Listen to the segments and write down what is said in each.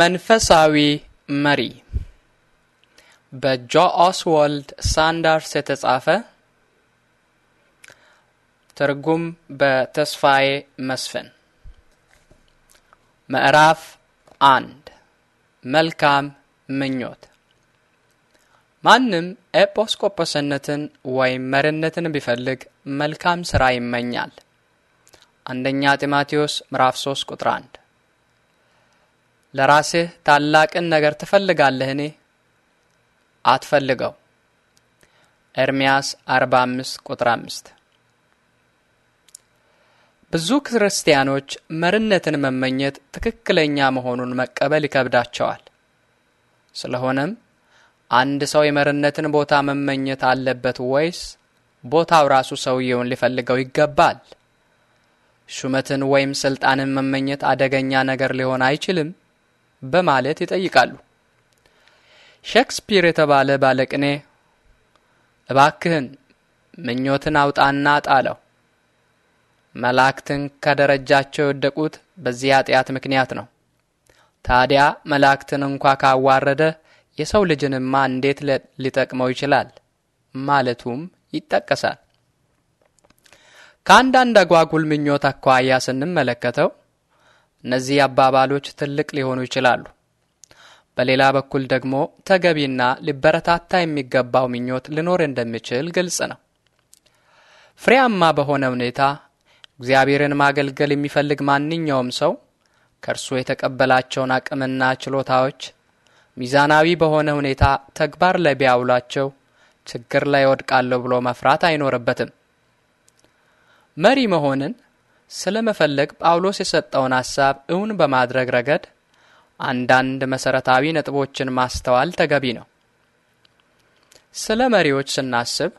መንፈሳዊ መሪ በጆ ኦስዋልድ ሳንዳርስ የተጻፈ ትርጉም በተስፋዬ መስፍን ምዕራፍ አንድ መልካም ምኞት ማንም ኤጲስቆጶስነትን ወይም መሪነትን ቢፈልግ መልካም ሥራ ይመኛል። አንደኛ ጢማቴዎስ ምዕራፍ 3 ቁጥር 1 ለራስህ ታላቅን ነገር ትፈልጋለህኔ? አትፈልገው። ኤርምያስ 45 ቁጥር 5። ብዙ ክርስቲያኖች መርነትን መመኘት ትክክለኛ መሆኑን መቀበል ይከብዳቸዋል። ስለሆነም አንድ ሰው የመርነትን ቦታ መመኘት አለበት ወይስ ቦታው ራሱ ሰውየውን ሊፈልገው ይገባል? ሹመትን ወይም ስልጣንን መመኘት አደገኛ ነገር ሊሆን አይችልም? በማለት ይጠይቃሉ። ሼክስፒር የተባለ ባለቅኔ እባክህን ምኞትን አውጣና ጣለው፣ መላእክትን ከደረጃቸው የወደቁት በዚህ ኃጢአት ምክንያት ነው። ታዲያ መላእክትን እንኳ ካዋረደ የሰው ልጅንማ እንዴት ሊጠቅመው ይችላል? ማለቱም ይጠቀሳል። ከአንዳንድ አጓጉል ምኞት አኳያ ስንመለከተው እነዚህ አባባሎች ትልቅ ሊሆኑ ይችላሉ። በሌላ በኩል ደግሞ ተገቢና ሊበረታታ የሚገባው ምኞት ሊኖር እንደሚችል ግልጽ ነው። ፍሬያማ በሆነ ሁኔታ እግዚአብሔርን ማገልገል የሚፈልግ ማንኛውም ሰው ከእርሱ የተቀበላቸውን አቅምና ችሎታዎች ሚዛናዊ በሆነ ሁኔታ ተግባር ላይ ቢያውሏቸው ችግር ላይ ወድቃለሁ ብሎ መፍራት አይኖርበትም። መሪ መሆንን ስለመፈለግ ጳውሎስ የሰጠውን ሐሳብ እውን በማድረግ ረገድ አንዳንድ መሰረታዊ ነጥቦችን ማስተዋል ተገቢ ነው። ስለ መሪዎች ስናስብ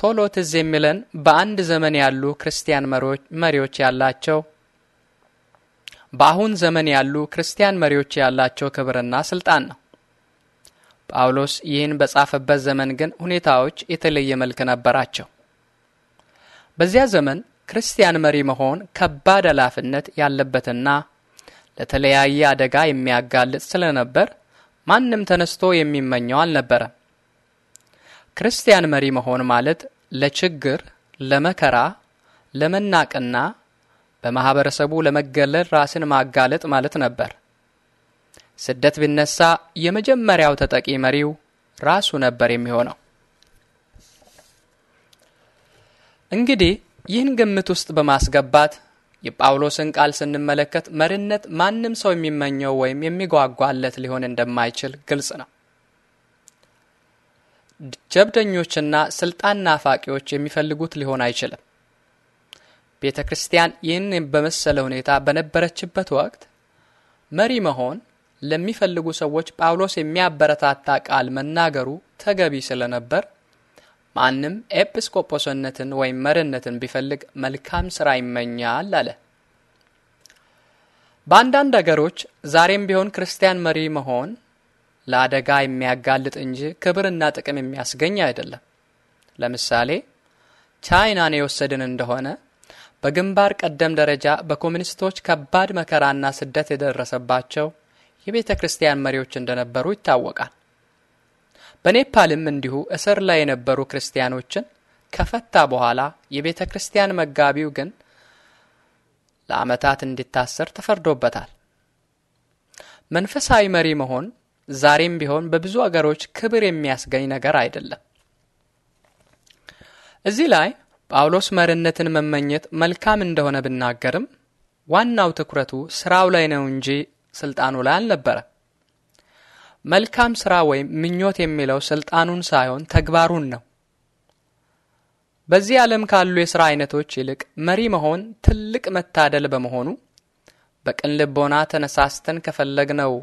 ቶሎ ትዝ የሚለን በአንድ ዘመን ያሉ ክርስቲያን መሪዎች ያላቸው በአሁን ዘመን ያሉ ክርስቲያን መሪዎች ያላቸው ክብርና ስልጣን ነው። ጳውሎስ ይህን በጻፈበት ዘመን ግን ሁኔታዎች የተለየ መልክ ነበራቸው። በዚያ ዘመን ክርስቲያን መሪ መሆን ከባድ ኃላፊነት ያለበትና ለተለያየ አደጋ የሚያጋልጥ ስለነበር ማንም ተነስቶ የሚመኘው አልነበረም። ክርስቲያን መሪ መሆን ማለት ለችግር፣ ለመከራ፣ ለመናቅና በማህበረሰቡ ለመገለል ራስን ማጋለጥ ማለት ነበር። ስደት ቢነሳ የመጀመሪያው ተጠቂ መሪው ራሱ ነበር የሚሆነው። እንግዲህ ይህን ግምት ውስጥ በማስገባት የጳውሎስን ቃል ስንመለከት መሪነት ማንም ሰው የሚመኘው ወይም የሚጓጓለት ሊሆን እንደማይችል ግልጽ ነው። ጀብደኞችና ስልጣን ናፋቂዎች የሚፈልጉት ሊሆን አይችልም። ቤተ ክርስቲያን ይህን በመሰለ ሁኔታ በነበረችበት ወቅት መሪ መሆን ለሚፈልጉ ሰዎች ጳውሎስ የሚያበረታታ ቃል መናገሩ ተገቢ ስለነበር ማንም ኤጲስቆጶስነትን ወይም መርነትን ቢፈልግ መልካም ሥራ ይመኛል አለ። በአንዳንድ አገሮች ዛሬም ቢሆን ክርስቲያን መሪ መሆን ለአደጋ የሚያጋልጥ እንጂ ክብርና ጥቅም የሚያስገኝ አይደለም። ለምሳሌ ቻይናን የወሰድን እንደሆነ በግንባር ቀደም ደረጃ በኮሚኒስቶች ከባድ መከራና ስደት የደረሰባቸው የቤተ ክርስቲያን መሪዎች እንደነበሩ ይታወቃል። በኔፓልም እንዲሁ እስር ላይ የነበሩ ክርስቲያኖችን ከፈታ በኋላ የቤተ ክርስቲያን መጋቢው ግን ለዓመታት እንዲታሰር ተፈርዶበታል። መንፈሳዊ መሪ መሆን ዛሬም ቢሆን በብዙ አገሮች ክብር የሚያስገኝ ነገር አይደለም። እዚህ ላይ ጳውሎስ መሪነትን መመኘት መልካም እንደሆነ ብናገርም ዋናው ትኩረቱ ስራው ላይ ነው እንጂ ስልጣኑ ላይ አልነበረም። መልካም ስራ ወይም ምኞት የሚለው ስልጣኑን ሳይሆን ተግባሩን ነው። በዚህ ዓለም ካሉ የሥራ አይነቶች ይልቅ መሪ መሆን ትልቅ መታደል በመሆኑ በቅን ልቦና ተነሳስተን ከፈለግነው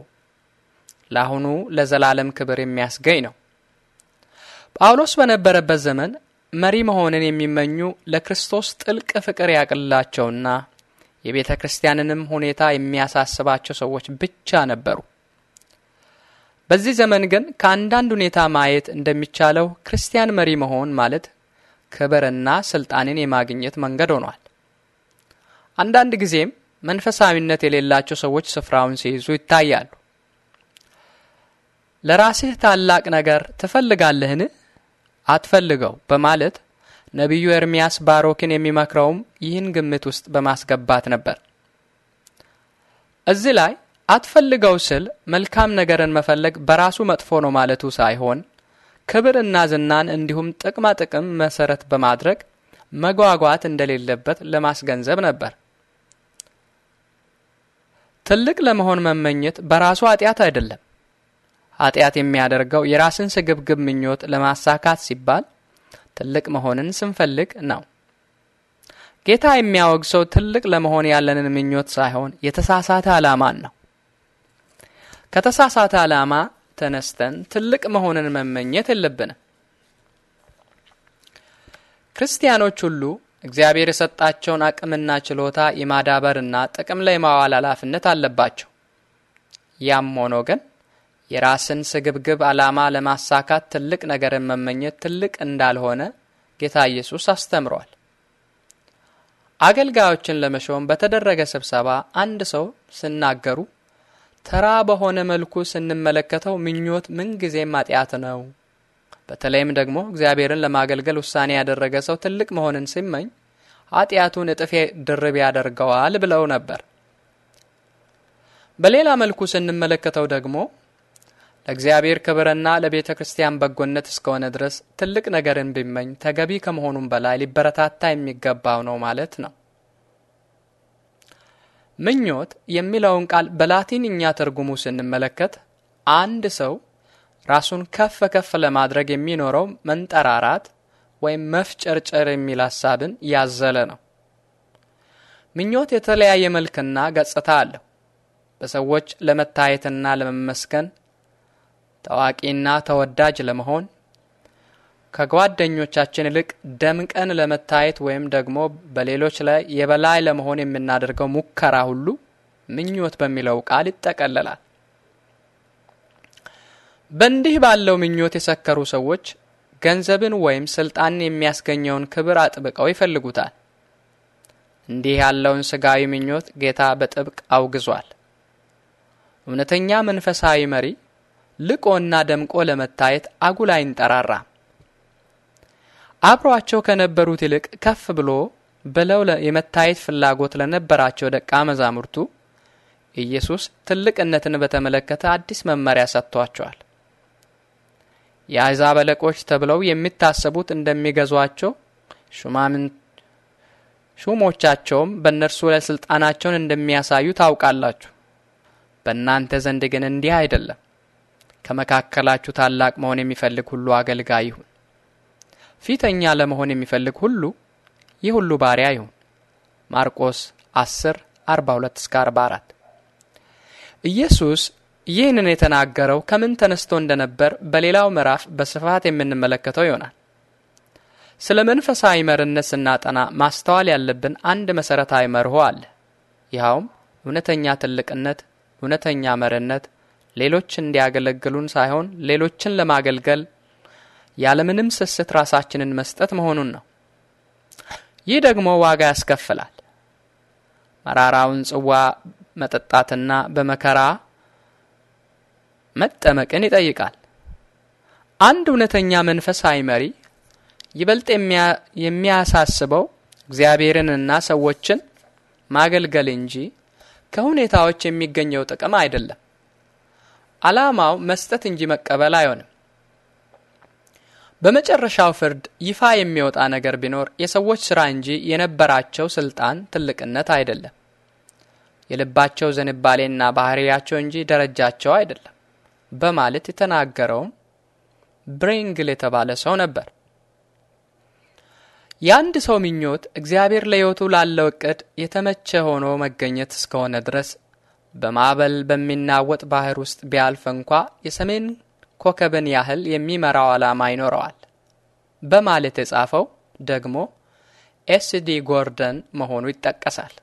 ለአሁኑ ለዘላለም ክብር የሚያስገኝ ነው። ጳውሎስ በነበረበት ዘመን መሪ መሆንን የሚመኙ ለክርስቶስ ጥልቅ ፍቅር ያቅልላቸውና የቤተ ክርስቲያንንም ሁኔታ የሚያሳስባቸው ሰዎች ብቻ ነበሩ። በዚህ ዘመን ግን ከአንዳንድ ሁኔታ ማየት እንደሚቻለው ክርስቲያን መሪ መሆን ማለት ክብርና ስልጣንን የማግኘት መንገድ ሆኗል። አንዳንድ ጊዜም መንፈሳዊነት የሌላቸው ሰዎች ስፍራውን ሲይዙ ይታያሉ። ለራስህ ታላቅ ነገር ትፈልጋለህን? አትፈልገው በማለት ነቢዩ ኤርምያስ ባሮክን የሚመክረውም ይህን ግምት ውስጥ በማስገባት ነበር። እዚህ ላይ አትፈልገው ስል መልካም ነገርን መፈለግ በራሱ መጥፎ ነው ማለቱ ሳይሆን ክብርና ዝናን እንዲሁም ጥቅማ ጥቅም መሰረት በማድረግ መጓጓት እንደሌለበት ለማስገንዘብ ነበር። ትልቅ ለመሆን መመኘት በራሱ ኃጢአት አይደለም። ኃጢአት የሚያደርገው የራስን ስግብግብ ምኞት ለማሳካት ሲባል ትልቅ መሆንን ስንፈልግ ነው። ጌታ የሚያወግሰው ትልቅ ለመሆን ያለንን ምኞት ሳይሆን የተሳሳተ ዓላማን ነው። ከተሳሳተ ዓላማ ተነስተን ትልቅ መሆንን መመኘት የለብንም። ክርስቲያኖች ሁሉ እግዚአብሔር የሰጣቸውን አቅምና ችሎታ የማዳበርና ጥቅም ላይ ማዋል ኃላፊነት አለባቸው። ያም ሆኖ ግን የራስን ስግብግብ ዓላማ ለማሳካት ትልቅ ነገርን መመኘት ትልቅ እንዳልሆነ ጌታ ኢየሱስ አስተምሯል። አገልጋዮችን ለመሾም በተደረገ ስብሰባ አንድ ሰው ሲናገሩ ተራ በሆነ መልኩ ስንመለከተው ምኞት ምንጊዜም ማጥያት ነው። በተለይም ደግሞ እግዚአብሔርን ለማገልገል ውሳኔ ያደረገ ሰው ትልቅ መሆንን ሲመኝ ኃጢአቱን እጥፌ ድርብ ያደርገዋል ብለው ነበር። በሌላ መልኩ ስንመለከተው ደግሞ ለእግዚአብሔር ክብርና ለቤተ ክርስቲያን በጎነት እስከሆነ ድረስ ትልቅ ነገርን ቢመኝ ተገቢ ከመሆኑም በላይ ሊበረታታ የሚገባው ነው ማለት ነው። ምኞት የሚለውን ቃል በላቲንኛ ትርጉሙ ስንመለከት አንድ ሰው ራሱን ከፍ ከፍ ለማድረግ የሚኖረው መንጠራራት ወይም መፍጨርጨር የሚል ሀሳብን ያዘለ ነው። ምኞት የተለያየ መልክና ገጽታ አለው። በሰዎች ለመታየትና ለመመስገን፣ ታዋቂና ተወዳጅ ለመሆን ከጓደኞቻችን ይልቅ ደምቀን ለመታየት ወይም ደግሞ በሌሎች ላይ የበላይ ለመሆን የምናደርገው ሙከራ ሁሉ ምኞት በሚለው ቃል ይጠቀለላል። በእንዲህ ባለው ምኞት የሰከሩ ሰዎች ገንዘብን ወይም ስልጣንን የሚያስገኘውን ክብር አጥብቀው ይፈልጉታል። እንዲህ ያለውን ስጋዊ ምኞት ጌታ በጥብቅ አውግዟል። እውነተኛ መንፈሳዊ መሪ ልቆና ደምቆ ለመታየት አጉል አይንጠራራም። አብሯቸው ከነበሩት ይልቅ ከፍ ብሎ ብለው የመታየት ፍላጎት ለነበራቸው ደቀ መዛሙርቱ ኢየሱስ ትልቅነትን በተመለከተ አዲስ መመሪያ ሰጥቷቸዋል። የአሕዛብ አለቆች ተብለው የሚታሰቡት እንደሚገዟቸው፣ ሹሞቻቸውም በእነርሱ ላይ ስልጣናቸውን እንደሚያሳዩ ታውቃላችሁ። በእናንተ ዘንድ ግን እንዲህ አይደለም። ከመካከላችሁ ታላቅ መሆን የሚፈልግ ሁሉ አገልጋይ ይሁን። ፊተኛ ለመሆን የሚፈልግ ሁሉ ይህ ሁሉ ባሪያ ይሁን። ማርቆስ 10 42 እስከ 44 ኢየሱስ ይህንን የተናገረው ከምን ተነስቶ እንደነበር በሌላው ምዕራፍ በስፋት የምንመለከተው ይሆናል። ስለ መንፈሳዊ መርነት ስናጠና ማስተዋል ያለብን አንድ መሠረታዊ መርሆ አለ። ይኸውም እውነተኛ ትልቅነት፣ እውነተኛ መርነት ሌሎች እንዲያገለግሉን ሳይሆን ሌሎችን ለማገልገል ያለምንም ስስት ራሳችንን መስጠት መሆኑን ነው። ይህ ደግሞ ዋጋ ያስከፍላል። መራራውን ጽዋ መጠጣትና በመከራ መጠመቅን ይጠይቃል። አንድ እውነተኛ መንፈሳዊ መሪ ይበልጥ የሚያሳስበው እግዚአብሔርንና ሰዎችን ማገልገል እንጂ ከሁኔታዎች የሚገኘው ጥቅም አይደለም። ዓላማው መስጠት እንጂ መቀበል አይሆንም። በመጨረሻው ፍርድ ይፋ የሚወጣ ነገር ቢኖር የሰዎች ሥራ እንጂ የነበራቸው ሥልጣን ትልቅነት አይደለም። የልባቸው ዝንባሌና ባሕርያቸው እንጂ ደረጃቸው አይደለም በማለት የተናገረውም ብሬንግል የተባለ ሰው ነበር። የአንድ ሰው ምኞት እግዚአብሔር ለሕይወቱ ላለው እቅድ የተመቸ ሆኖ መገኘት እስከሆነ ድረስ በማዕበል በሚናወጥ ባህር ውስጥ ቢያልፍ እንኳ የሰሜን ኮከብን ያህል የሚመራው ዓላማ ይኖረዋል በማለት የጻፈው ደግሞ ኤስዲ ጎርደን መሆኑ ይጠቀሳል።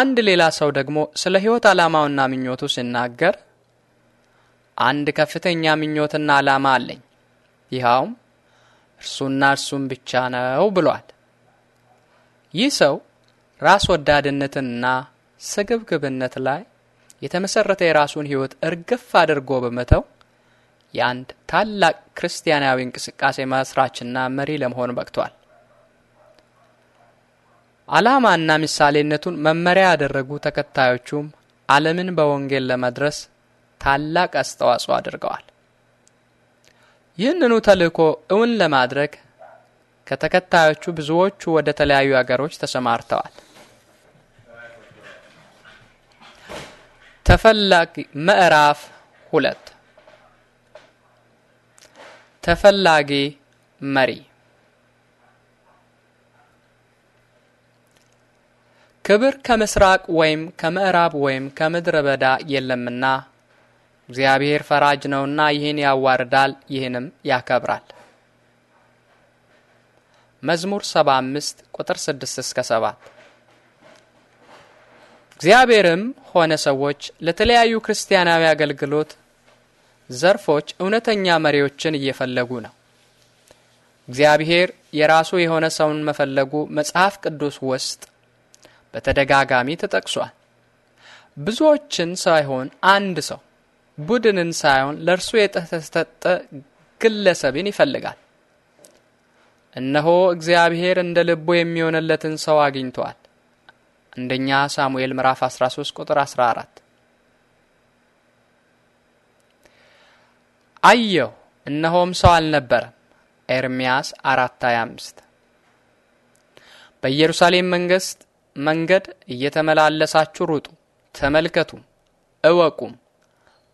አንድ ሌላ ሰው ደግሞ ስለ ሕይወት ዓላማውና ምኞቱ ሲናገር አንድ ከፍተኛ ምኞትና ዓላማ አለኝ፣ ይኸውም እርሱና እርሱም ብቻ ነው ብሏል። ይህ ሰው ራስ ወዳድነትና ስግብግብነት ላይ የተመሰረተ የራሱን ሕይወት እርግፍ አድርጎ በመተው የአንድ ታላቅ ክርስቲያናዊ እንቅስቃሴ መስራችና መሪ ለመሆን በቅቷል። ዓላማና ምሳሌነቱን መመሪያ ያደረጉ ተከታዮቹም ዓለምን በወንጌል ለመድረስ ታላቅ አስተዋጽኦ አድርገዋል። ይህንኑ ተልእኮ እውን ለማድረግ ከተከታዮቹ ብዙዎቹ ወደ ተለያዩ አገሮች ተሰማርተዋል። ተፈላጊ ምዕራፍ ሁለት ተፈላጊ መሪ ክብር ከምስራቅ ወይም ከምዕራብ ወይም ከምድረ በዳ የለምና እግዚአብሔር ፈራጅ ነውና ይህን ያዋርዳል፣ ይህንም ያከብራል። መዝሙር 75 ቁጥር 6 እስከ 7 እግዚአብሔርም ሆነ ሰዎች ለተለያዩ ክርስቲያናዊ አገልግሎት ዘርፎች እውነተኛ መሪዎችን እየፈለጉ ነው። እግዚአብሔር የራሱ የሆነ ሰውን መፈለጉ መጽሐፍ ቅዱስ ውስጥ በተደጋጋሚ ተጠቅሷል። ብዙዎችን ሳይሆን አንድ ሰው ቡድንን ሳይሆን ለእርሱ የተሰጠ ግለሰብን ይፈልጋል። እነሆ እግዚአብሔር እንደ ልቡ የሚሆንለትን ሰው አግኝቷል። አንደኛ ሳሙኤል ምዕራፍ 13 ቁጥር 14 አየሁ እነሆም ሰው አልነበረም። ኤርምያስ 4:25 በኢየሩሳሌም መንግስት መንገድ እየተመላለሳችሁ ሩጡ፣ ተመልከቱም፣ እወቁም፣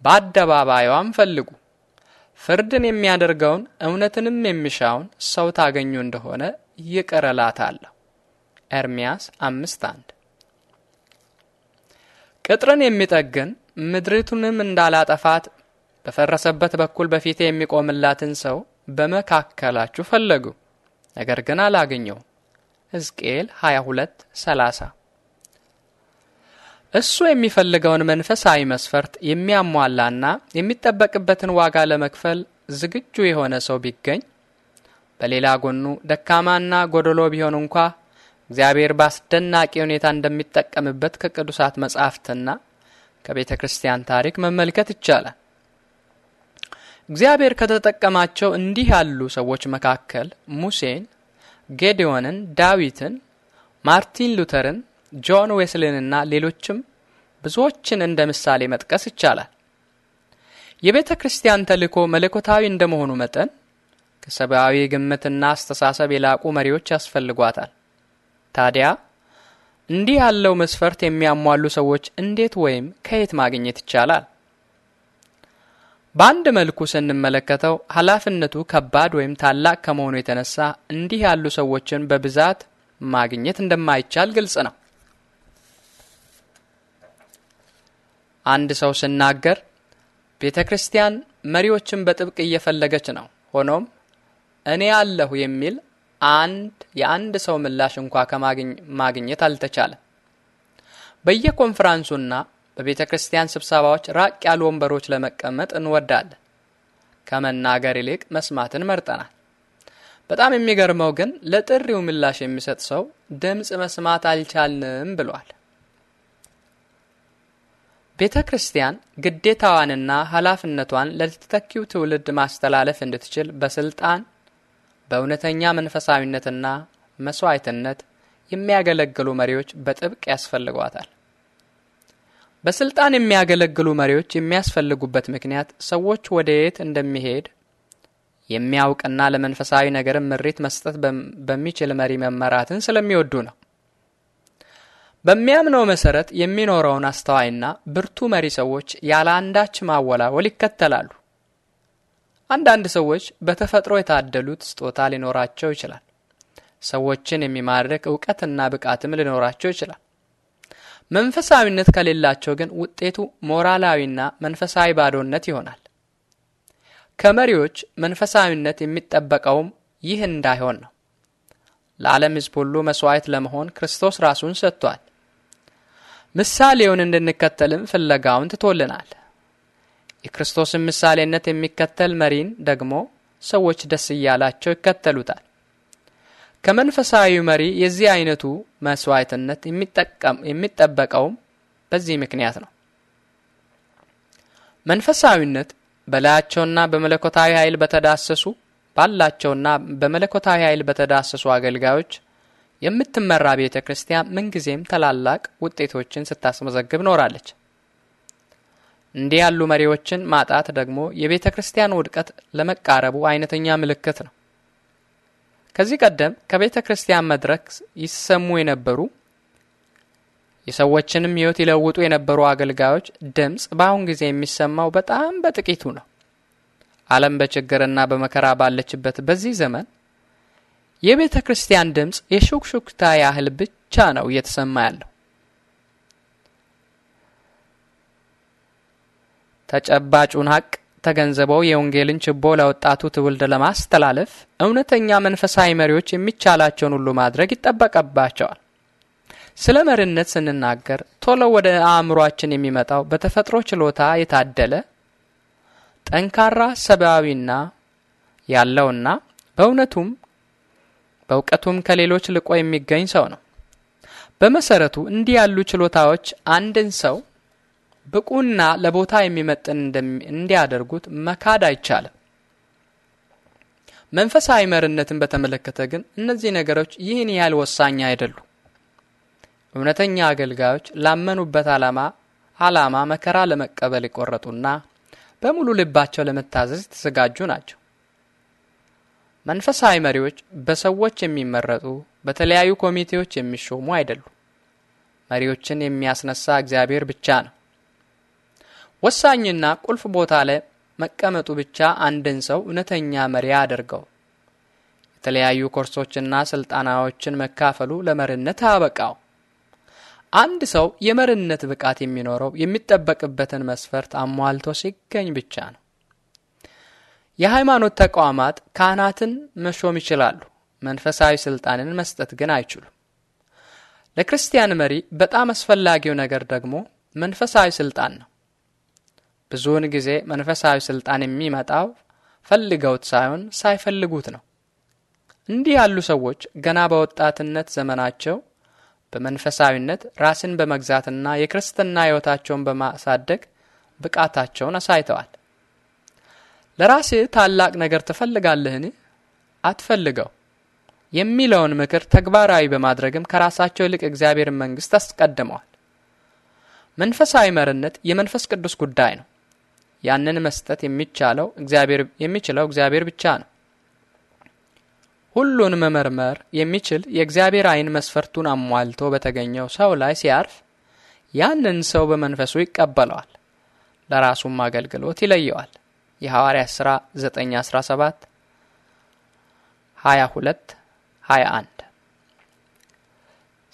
በአደባባይዋም ፈልጉ። ፍርድን የሚያደርገውን እውነትንም የሚሻውን ሰው ታገኙ እንደሆነ ይቅር እላታለሁ። ኤርምያስ ቅጥርን የሚጠግን ምድሪቱንም እንዳላጠፋት በፈረሰበት በኩል በፊቴ የሚቆምላትን ሰው በመካከላችሁ ፈለጉ፣ ነገር ግን አላገኘው። ሕዝቅኤል 22 30 እሱ የሚፈልገውን መንፈሳዊ መስፈርት የሚያሟላና የሚጠበቅበትን ዋጋ ለመክፈል ዝግጁ የሆነ ሰው ቢገኝ በሌላ ጎኑ ደካማና ጎደሎ ቢሆን እንኳ እግዚአብሔር በአስደናቂ ሁኔታ እንደሚጠቀምበት ከቅዱሳት መጻሕፍትና ከቤተ ክርስቲያን ታሪክ መመልከት ይቻላል። እግዚአብሔር ከተጠቀማቸው እንዲህ ያሉ ሰዎች መካከል ሙሴን፣ ጌዲዮንን፣ ዳዊትን፣ ማርቲን ሉተርን፣ ጆን ዌስሊንና ሌሎችም ብዙዎችን እንደ ምሳሌ መጥቀስ ይቻላል። የቤተ ክርስቲያን ተልእኮ መለኮታዊ እንደመሆኑ መጠን ከሰብአዊ ግምትና አስተሳሰብ የላቁ መሪዎች ያስፈልጓታል። ታዲያ እንዲህ ያለው መስፈርት የሚያሟሉ ሰዎች እንዴት ወይም ከየት ማግኘት ይቻላል? በአንድ መልኩ ስንመለከተው ኃላፊነቱ ከባድ ወይም ታላቅ ከመሆኑ የተነሳ እንዲህ ያሉ ሰዎችን በብዛት ማግኘት እንደማይቻል ግልጽ ነው። አንድ ሰው ስናገር ቤተ ክርስቲያን መሪዎችን በጥብቅ እየፈለገች ነው፣ ሆኖም እኔ አለሁ የሚል አንድ የአንድ ሰው ምላሽ እንኳ ማግኘት አልተቻለም። በየኮንፈራንሱና በቤተ ክርስቲያን ስብሰባዎች ራቅ ያሉ ወንበሮች ለመቀመጥ እንወዳለን። ከመናገር ይልቅ መስማትን መርጠናል። በጣም የሚገርመው ግን ለጥሪው ምላሽ የሚሰጥ ሰው ድምፅ መስማት አልቻልንም ብሏል። ቤተ ክርስቲያን ግዴታዋንና ኃላፊነቷን ለተተኪው ትውልድ ማስተላለፍ እንድትችል በስልጣን በእውነተኛ መንፈሳዊነትና መስዋዕትነት የሚያገለግሉ መሪዎች በጥብቅ ያስፈልጓታል። በስልጣን የሚያገለግሉ መሪዎች የሚያስፈልጉበት ምክንያት ሰዎች ወደ የት እንደሚሄድ የሚያውቅና ለመንፈሳዊ ነገርም ምሪት መስጠት በሚችል መሪ መመራትን ስለሚወዱ ነው። በሚያምነው መሰረት የሚኖረውን አስተዋይና ብርቱ መሪ ሰዎች ያለ አንዳች ማወላወል ይከተላሉ። አንዳንድ ሰዎች በተፈጥሮ የታደሉት ስጦታ ሊኖራቸው ይችላል። ሰዎችን የሚማርክ እውቀትና ብቃትም ሊኖራቸው ይችላል። መንፈሳዊነት ከሌላቸው ግን ውጤቱ ሞራላዊና መንፈሳዊ ባዶነት ይሆናል። ከመሪዎች መንፈሳዊነት የሚጠበቀውም ይህ እንዳይሆን ነው። ለዓለም ሕዝብ ሁሉ መሥዋዕት ለመሆን ክርስቶስ ራሱን ሰጥቷል። ምሳሌውን እንድንከተልም ፍለጋውን ትቶልናል። የክርስቶስን ምሳሌነት የሚከተል መሪን ደግሞ ሰዎች ደስ እያላቸው ይከተሉታል። ከመንፈሳዊ መሪ የዚህ አይነቱ መስዋዕትነት የሚጠበቀውም በዚህ ምክንያት ነው። መንፈሳዊነት በላያቸውና በመለኮታዊ ኃይል በተዳሰሱ ባላቸውና በመለኮታዊ ኃይል በተዳሰሱ አገልጋዮች የምትመራ ቤተ ክርስቲያን ምንጊዜም ታላላቅ ውጤቶችን ስታስመዘግብ ኖራለች። እንዲህ ያሉ መሪዎችን ማጣት ደግሞ የቤተ ክርስቲያን ውድቀት ለመቃረቡ አይነተኛ ምልክት ነው። ከዚህ ቀደም ከቤተ ክርስቲያን መድረክ ይሰሙ የነበሩ የሰዎችንም ሕይወት ይለውጡ የነበሩ አገልጋዮች ድምፅ በአሁን ጊዜ የሚሰማው በጣም በጥቂቱ ነው። ዓለም በችግርና በመከራ ባለችበት በዚህ ዘመን የቤተ ክርስቲያን ድምፅ የሹክሹክታ ያህል ብቻ ነው እየተሰማ ያለው። ተጨባጩን ሀቅ ተገንዝበው የወንጌልን ችቦ ለወጣቱ ትውልድ ለማስተላለፍ እውነተኛ መንፈሳዊ መሪዎች የሚቻላቸውን ሁሉ ማድረግ ይጠበቀባቸዋል። ስለ መሪነት ስንናገር ቶሎ ወደ አእምሯችን የሚመጣው በተፈጥሮ ችሎታ የታደለ ጠንካራ ሰብአዊና ያለውና በእውነቱም በእውቀቱም ከሌሎች ልቆ የሚገኝ ሰው ነው። በመሰረቱ እንዲህ ያሉ ችሎታዎች አንድን ሰው ብቁና ለቦታ የሚመጥን እንዲያደርጉት መካድ አይቻልም። መንፈሳዊ መሪነትን በተመለከተ ግን እነዚህ ነገሮች ይህን ያህል ወሳኝ አይደሉም። እውነተኛ አገልጋዮች ላመኑበት ዓላማ ዓላማ መከራ ለመቀበል የቆረጡና በሙሉ ልባቸው ለመታዘዝ የተዘጋጁ ናቸው። መንፈሳዊ መሪዎች በሰዎች የሚመረጡ በተለያዩ ኮሚቴዎች የሚሾሙ አይደሉም። መሪዎችን የሚያስነሳ እግዚአብሔር ብቻ ነው። ወሳኝና ቁልፍ ቦታ ላይ መቀመጡ ብቻ አንድን ሰው እውነተኛ መሪ አድርገው። የተለያዩ ኮርሶችና ስልጠናዎችን መካፈሉ ለመሪነት አበቃው። አንድ ሰው የመሪነት ብቃት የሚኖረው የሚጠበቅበትን መስፈርት አሟልቶ ሲገኝ ብቻ ነው። የሃይማኖት ተቋማት ካህናትን መሾም ይችላሉ። መንፈሳዊ ስልጣንን መስጠት ግን አይችሉም። ለክርስቲያን መሪ በጣም አስፈላጊው ነገር ደግሞ መንፈሳዊ ስልጣን ነው። ብዙውን ጊዜ መንፈሳዊ ስልጣን የሚመጣው ፈልገውት ሳይሆን ሳይፈልጉት ነው። እንዲህ ያሉ ሰዎች ገና በወጣትነት ዘመናቸው በመንፈሳዊነት ራስን በመግዛትና የክርስትና ሕይወታቸውን በማሳደግ ብቃታቸውን አሳይተዋል። ለራስህ ታላቅ ነገር ትፈልጋለህን? አትፈልገው የሚለውን ምክር ተግባራዊ በማድረግም ከራሳቸው ይልቅ እግዚአብሔርን መንግሥት አስቀድመዋል። መንፈሳዊ መርነት የመንፈስ ቅዱስ ጉዳይ ነው። ያንን መስጠት የሚቻለው እግዚአብሔር የሚችለው እግዚአብሔር ብቻ ነው። ሁሉን መመርመር የሚችል የእግዚአብሔር ዓይን መስፈርቱን አሟልቶ በተገኘው ሰው ላይ ሲያርፍ ያንን ሰው በመንፈሱ ይቀበለዋል፣ ለራሱም አገልግሎት ይለየዋል። የሐዋርያ ሥራ 9 17 22 21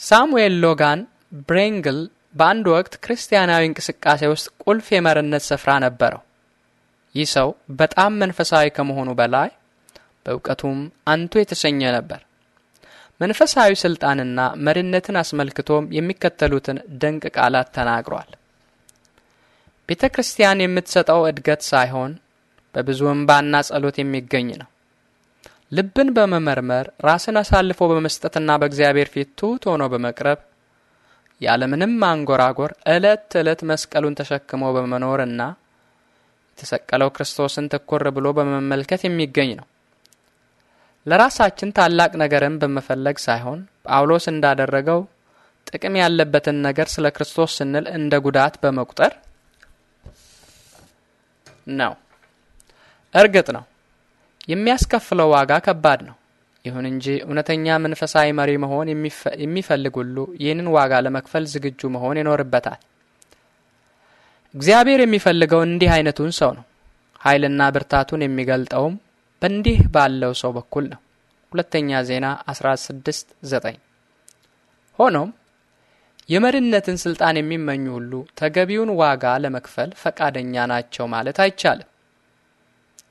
ሳሙኤል ሎጋን ብሬንግል በአንድ ወቅት ክርስቲያናዊ እንቅስቃሴ ውስጥ ቁልፍ የመርነት ስፍራ ነበረው። ይህ ሰው በጣም መንፈሳዊ ከመሆኑ በላይ በእውቀቱም አንቱ የተሰኘ ነበር። መንፈሳዊ ስልጣንና መሪነትን አስመልክቶም የሚከተሉትን ድንቅ ቃላት ተናግሯል። ቤተ ክርስቲያን የምትሰጠው እድገት ሳይሆን በብዙ እንባና ጸሎት የሚገኝ ነው። ልብን በመመርመር ራስን አሳልፎ በመስጠትና በእግዚአብሔር ፊት ትሑት ሆኖ በመቅረብ ያለምንም ማንጎራጎር ዕለት ተዕለት መስቀሉን ተሸክሞ በመኖርና የተሰቀለው ክርስቶስን ትኩር ብሎ በመመልከት የሚገኝ ነው። ለራሳችን ታላቅ ነገርን በመፈለግ ሳይሆን ጳውሎስ እንዳደረገው ጥቅም ያለበትን ነገር ስለ ክርስቶስ ስንል እንደ ጉዳት በመቁጠር ነው። እርግጥ ነው የሚያስከፍለው ዋጋ ከባድ ነው። ይሁን እንጂ እውነተኛ መንፈሳዊ መሪ መሆን የሚፈልግ ሁሉ ይህንን ዋጋ ለመክፈል ዝግጁ መሆን ይኖርበታል። እግዚአብሔር የሚፈልገው እንዲህ አይነቱን ሰው ነው። ኃይልና ብርታቱን የሚገልጠውም በእንዲህ ባለው ሰው በኩል ነው። ሁለተኛ ዜና 16፥9 ሆኖም የመሪነትን ስልጣን የሚመኙ ሁሉ ተገቢውን ዋጋ ለመክፈል ፈቃደኛ ናቸው ማለት አይቻልም።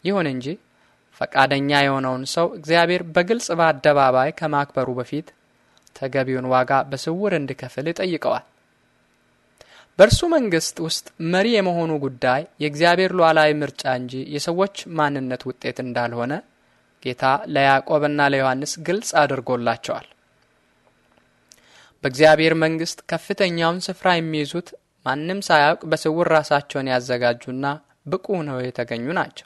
ይሁን እንጂ ፈቃደኛ የሆነውን ሰው እግዚአብሔር በግልጽ በአደባባይ ከማክበሩ በፊት ተገቢውን ዋጋ በስውር እንዲከፍል ይጠይቀዋል። በእርሱ መንግሥት ውስጥ መሪ የመሆኑ ጉዳይ የእግዚአብሔር ሉዓላዊ ምርጫ እንጂ የሰዎች ማንነት ውጤት እንዳልሆነ ጌታ ለያዕቆብና ለዮሐንስ ግልጽ አድርጎላቸዋል። በእግዚአብሔር መንግስት ከፍተኛውን ስፍራ የሚይዙት ማንም ሳያውቅ በስውር ራሳቸውን ያዘጋጁና ብቁ ነው የተገኙ ናቸው።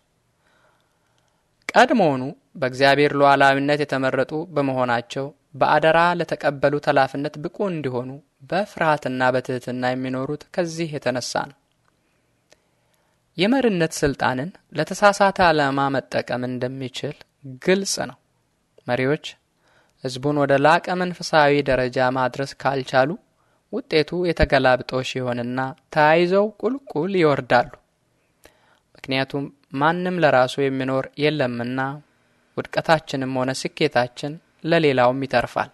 ቀድሞውኑ በእግዚአብሔር ሉዓላዊነት የተመረጡ በመሆናቸው በአደራ ለተቀበሉ ኃላፊነት ብቁ እንዲሆኑ በፍርሃትና በትህትና የሚኖሩት ከዚህ የተነሳ ነው። የመሪነት ስልጣንን ለተሳሳተ ዓላማ መጠቀም እንደሚችል ግልጽ ነው። መሪዎች ሕዝቡን ወደ ላቀ መንፈሳዊ ደረጃ ማድረስ ካልቻሉ ውጤቱ የተገላብጦሽ ይሆንና ተያይዘው ቁልቁል ይወርዳሉ። ምክንያቱም ማንም ለራሱ የሚኖር የለምና ውድቀታችንም ሆነ ስኬታችን ለሌላውም ይተርፋል።